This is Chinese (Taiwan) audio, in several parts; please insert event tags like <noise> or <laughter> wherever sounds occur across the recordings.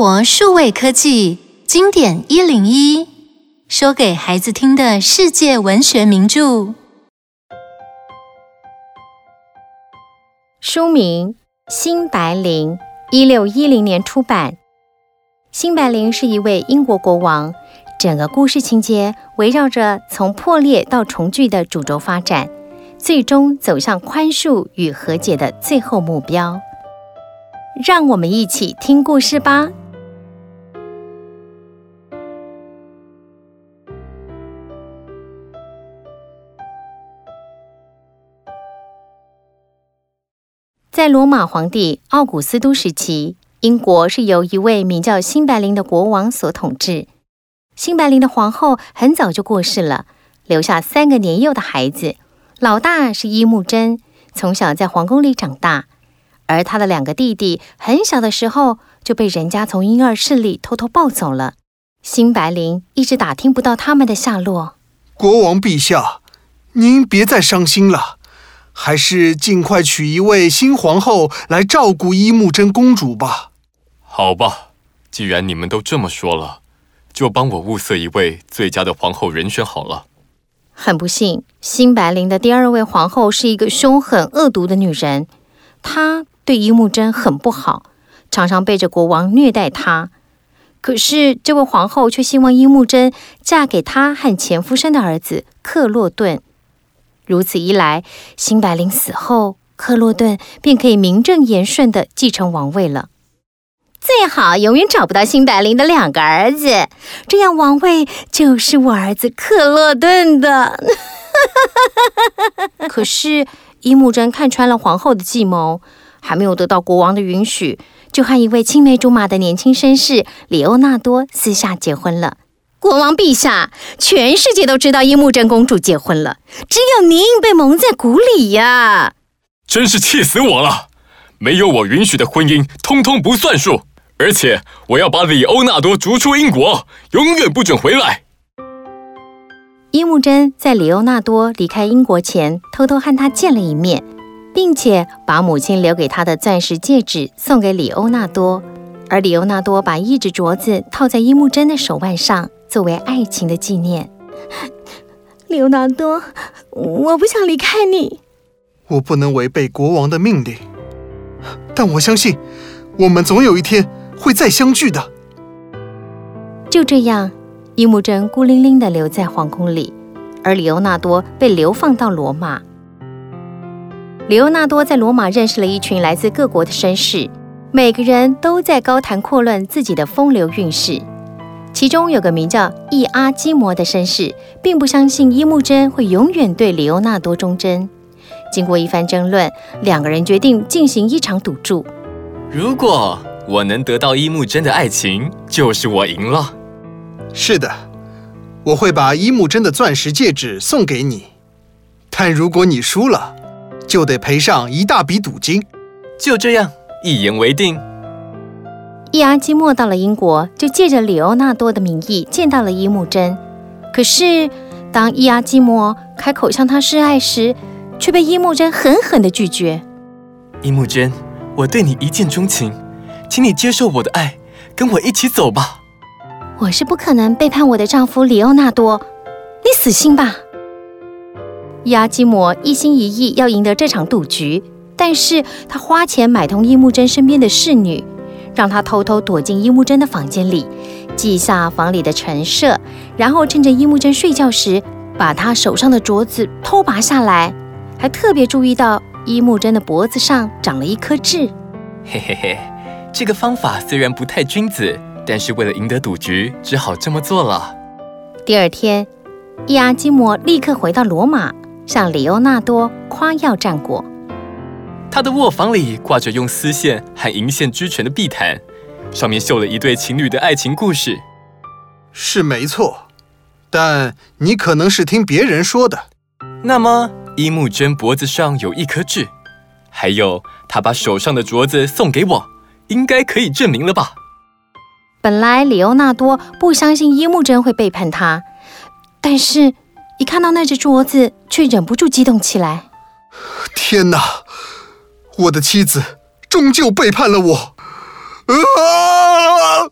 聲活數位科技經典一零一，說給孩子聽的世界文學名著。書名《辛白林》，一六一零年出版。辛白林是一位英國國王，整個故事情節圍繞着從破裂到重聚的主軸發展，最終走向寬恕與和解的最後目標。讓我們一起聽故事吧。在羅馬皇帝奧古斯都時期，英國是由一位名叫辛白林的國王所統治。辛白林的皇後很早就過世了，留下三個年幼的孩子。老大是伊慕貞，從小在皇宮裡長大；而他的兩個弟弟很小的時候就被人家從嬰兒室裡偷偷抱走了。辛白林一直打聽不到他們的下落。國王陛下，您別再傷心了。還是盡快娶一位新皇後來照顧伊木真公主吧。好吧，既然你們都這麼說了，就幫我物色一位最佳的皇后人選好了。很不幸，辛白林的第二位皇後是一個兇狠惡毒的女人，她對伊木真很不好，常常背着國王虐待她。可是這位皇后卻希望伊木真嫁給她和前夫生的兒子克洛頓。如此一來，辛白林死後，克洛頓便可以名正言順地繼承王位了。最好永遠找不到辛白林的兩個兒子，這樣王位就是我兒子克洛頓的。 <laughs> 可是伊慕真看穿了皇後的計謀，還沒有得到國王的允許，就和一位青梅竹馬的年輕紳士里歐納多私下結婚了。國王陛下，全世界都知道櫻木真公主結婚了，只有您被蒙在鼓裡呀、啊！真是氣死我了！沒有我允許的婚姻，通通不算數。而且我要把李歐納多逐出英國，永遠不准回來。櫻木真在李歐納多離開英國前，偷偷和他見了一面，並且把母親留給他的鑽石戒指送給李歐納多，而李歐納多把一隻鐲子套在櫻木真的手腕上。作為愛情的紀念，里奧納多，我不想離開你。我不能違背國王的命令，但我相信，我們總有一天會再相聚的。就這樣，伊姆珍孤零零地留在皇宮裡，而里奧納多被流放到羅馬。里奧納多在羅馬認識了一群來自各國的紳士，每個人都在高談闊論自己的風流韻事。其中有個名叫伊阿基摩的紳士，並不相信伊木真會永遠對里歐納多忠貞。經過一番爭論，兩個人決定進行一場賭注。如果我能得到伊木真的愛情，就是我贏了。是的，我會把伊木真的鑽石戒指送給你。但如果你輸了，就得賠上一大筆賭金。就這樣，一言為定。伊阿基莫到了英國，就借着里奧納多的名義見到了伊木真。可是，當伊阿基莫開口向她示愛時，卻被伊木真狠狠地拒絕。伊木真，我對你一見鍾情，請你接受我的愛，跟我一起走吧。我是不可能背叛我的丈夫里奧納多，你死心吧。伊阿基莫一心一意要贏得這場賭局，但是他花錢買通伊木真身邊的侍女，讓他偷偷躲進伊木真的房間裡，記下房裡的陳設，然後趁着伊木真睡覺時，把他手上的鐲子偷拔下來，還特別注意到伊木真的脖子上長了一顆痣。嘿嘿嘿，這個方法雖然不太君子，但是為了贏得賭局，只好這麼做了。第二天，伊阿基摩立刻回到羅馬，向里歐納多誇耀戰果。他的臥房裡掛着用絲線和銀線織成的壁毯，上面繡了一對情侶的愛情故事。是沒錯，但你可能是聽別人說的。那麼，伊木真脖子上有一顆痣，還有他把手上的鐲子送給我，應該可以證明了吧？本來里歐納多不相信伊木真會背叛他，但是一看到那隻鐲子，卻忍不住激動起來。天哪！我的妻子終究背叛了我。啊啊、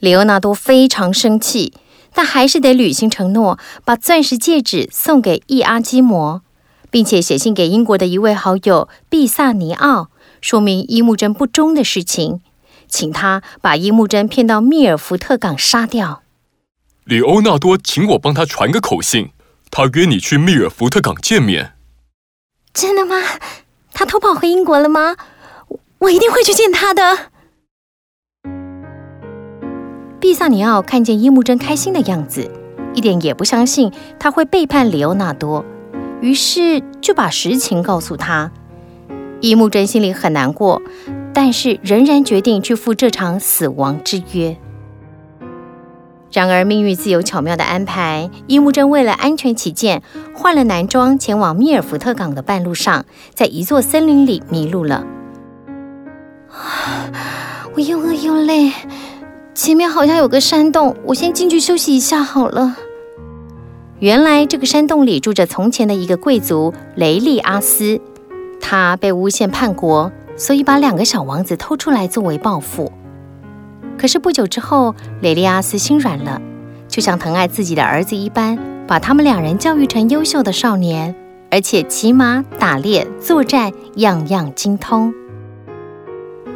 李歐納多非常生氣，但還是得履行承諾，把鑽石戒指送給伊阿基摩，並且寫信給英國的一位好友畢薩尼奧，說明伊木珍不忠的事情，請他把伊木珍騙到密爾福特港殺掉。李歐納多，請我幫他傳個口信，他約你去密爾福特港見面。真的嗎？他偷跑回英國了嗎？我一定會去見他的。畢薩尼奧看見伊木真開心的樣子，一點也不相信他會背叛里奧納多，於是就把實情告訴他。伊木真心裡很難過，但是仍然決定去赴這場死亡之約。然而，命運自有巧妙的安排。伊木真為了安全起見，換了男裝前往密爾福特港的半路上，在一座森林裡迷路了。啊，我又餓又累，前面好像有個山洞，我先進去休息一下好了。原來，這個山洞裡住着從前的一個貴族雷利阿斯，他被誣陷叛國，所以把兩個小王子偷出來作為報復。可是不久之後，雷利阿斯心軟了，就像疼愛自己的兒子一般，把他們兩人教育成優秀的少年，而且騎馬、打獵、作戰，樣樣精通。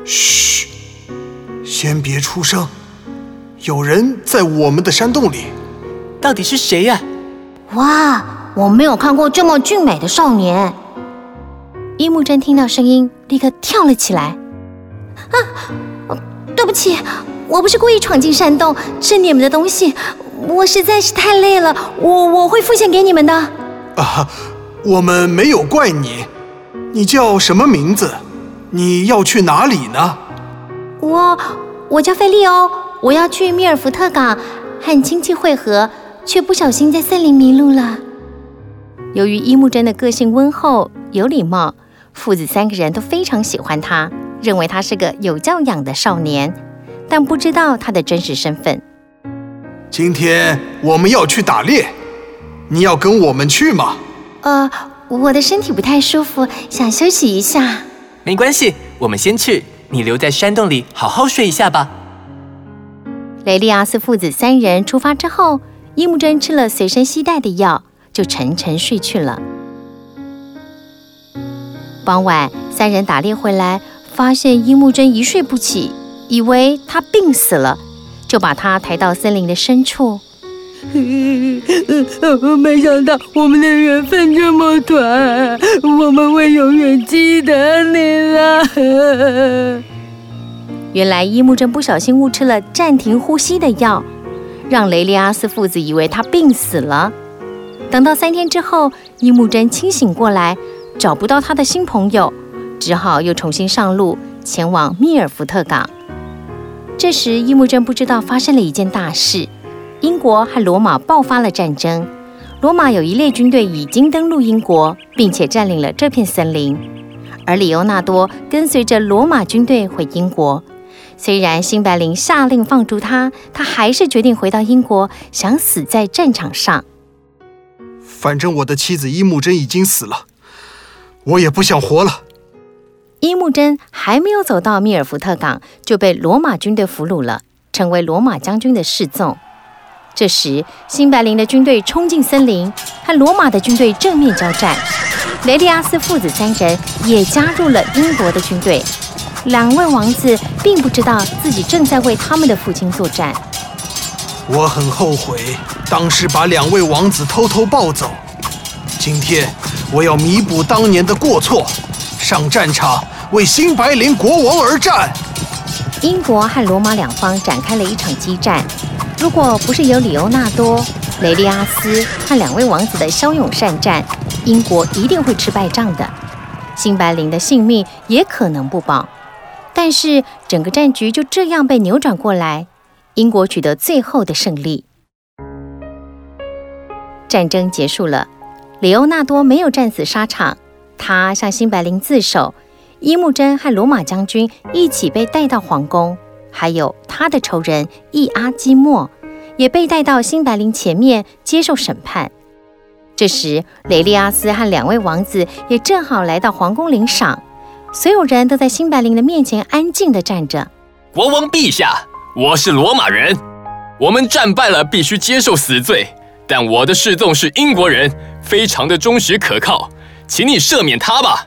噓，先別出聲，有人在我們的山洞裡，到底是誰呀、啊？哇，我沒有看過這麼俊美的少年。伊木真聽到聲音，立刻跳了起來。啊！對不起，我不是故意闖進山洞吃你們的東西，我實在是太累了，我我會付錢給你們的。啊，我們沒有怪你，你叫什麼名字？你要去哪裡呢？我我叫費利歐，我要去米爾福特港和親戚匯合，卻不小心在森林迷路了。由於伊木真的個性溫厚有禮貌，父子三個人都非常喜歡他。認為他是個有教養的少年，但不知道他的真實身份。今天我們要去打獵，你要跟我們去嗎？呃，我的身體不太舒服，想休息一下。沒關係，我們先去，你留在山洞裡好好睡一下吧。雷利亞斯父子三人出發之後，伊木真吃了隨身攜帶的藥，就沉沉睡去了。傍晚，三人打獵回來。發現伊木真，一睡不起，以為他病死了，就把他抬到森林的深處。沒想到我們的緣分這麼短，我們會永遠記得你啦。原來伊木真不小心誤吃了暫停呼吸的藥，讓雷利阿斯父子以為他病死了。等到三天之後，伊木真清醒過來，找不到他的新朋友，只好又重新上路，前往密爾福特港。這時，伊木真不知道發生了一件大事：英國和羅馬爆發了戰爭。羅馬有一列軍隊已經登陸英國，並且占領了這片森林。而里歐納多跟隨着羅馬軍隊回英國。雖然辛白林下令放逐他，他還是決定回到英國，想死在戰場上。反正我的妻子伊木真已經死了，我也不想活了。伊木珍還沒有走到密爾福特港，就被羅馬軍隊俘虜了，成為羅馬將軍的侍從。這時，辛白林的軍隊衝進森林，和羅馬的軍隊正面交戰。雷利阿斯父子三人也加入了英國的軍隊。兩位王子並不知道自己正在為他們的父親作戰。我很後悔當時把兩位王子偷偷抱走。今天，我要彌補當年的過錯。上戰場，為辛白林國王而戰。英國和羅馬兩方展開了一場激戰。如果不是有里歐納多、雷利阿斯和兩位王子的驍勇善戰，英國一定會吃敗仗的，辛白林的性命也可能不保。但是整個戰局就這樣被扭轉過來，英國取得最後的勝利。戰爭結束了，里歐納多沒有戰死沙場。他向辛白林自首，伊木真和羅馬將軍一起被帶到皇宮，還有他的仇人伊阿基莫也被帶到辛白林前面接受審判。這時，雷利阿斯和兩位王子也正好來到皇宮領賞，所有人都在辛白林的面前安靜的站着。國王陛下，我是羅馬人，我們戰敗了，必須接受死罪。但我的侍從是英國人，非常的忠實可靠。請你赦免他吧。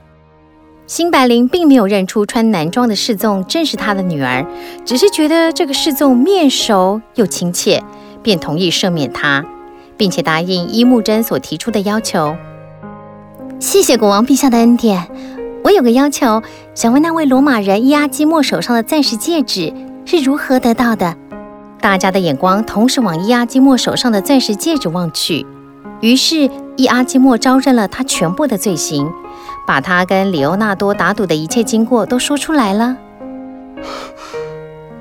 辛白林並沒有認出穿男裝的侍從，正是他的女兒，只是覺得這個侍從面熟又親切，便同意赦免他，並且答應伊木真所提出的要求。謝謝國王陛下的恩典，我有個要求，想問那位羅馬人伊阿基莫手上的鑽石戒指是如何得到的？大家的眼光同時往伊阿基莫手上的鑽石戒指望去，於是。伊阿基莫招認了他全部的罪行，把他跟里奧納多打賭的一切經過都說出來了。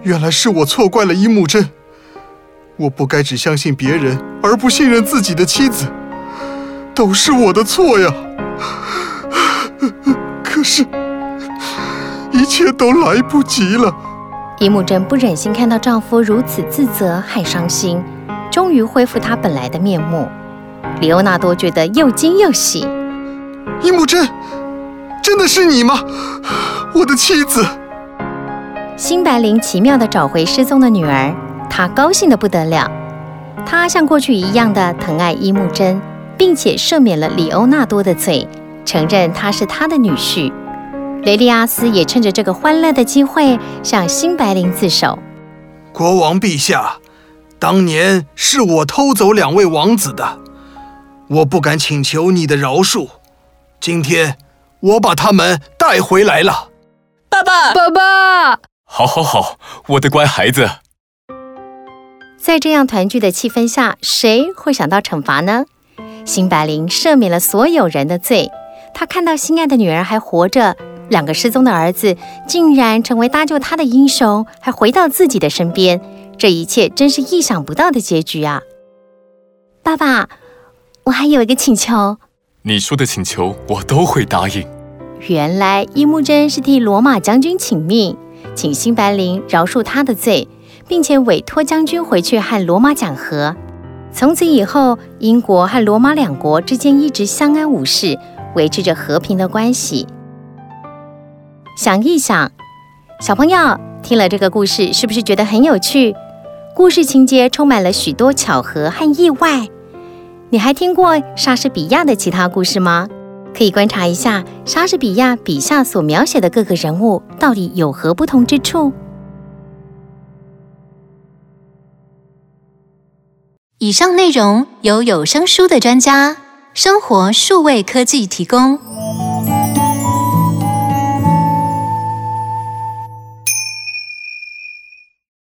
原來是我錯怪了伊木真，我不該只相信別人而不信任自己的妻子，都是我的錯呀。可是，一切都來不及了。伊木真不忍心看到丈夫如此自責還傷心，終於恢復他本來的面目。李歐納多覺得又驚又喜，“伊木真，真的是你嗎？我的妻子！”辛白林奇，奇妙的找回失蹤的女兒，他高興得不得了。他像過去一樣的疼愛伊木真，並且赦免了李歐納多的罪，承認他是他的女婿。雷利阿斯也趁着這個歡樂的機會向辛白林自首：“國王陛下，當年是我偷走兩位王子的。”我不敢請求你的饒恕，今天我把他們帶回來了，爸爸，爸爸，好，好，好，我的乖孩子。在這樣團聚的氣氛下，誰會想到懲罰呢？辛白林赦免了所有人的罪。他看到心愛的女兒還活着，兩個失蹤的兒子竟然成為搭救他的英雄，還回到自己的身邊，這一切真是意想不到的結局啊！爸爸。我還有一個請求，你說的請求我都會答應。原來伊慕貞是替羅馬將軍請命，請辛白林饒恕他的罪，並且委託將軍回去和羅馬講和。從此以後，英國和羅馬兩國之間一直相安無事，維持着和平的關係。想一想，小朋友，聽了這個故事，是不是覺得很有趣？故事情節充滿了許多巧合和意外。你還聽過莎士比亞的其他故事嗎？可以觀察一下莎士比亞筆下所描寫的各個人物到底有何不同之處。以上內容由有聲書的專家，聲活數位科技提供。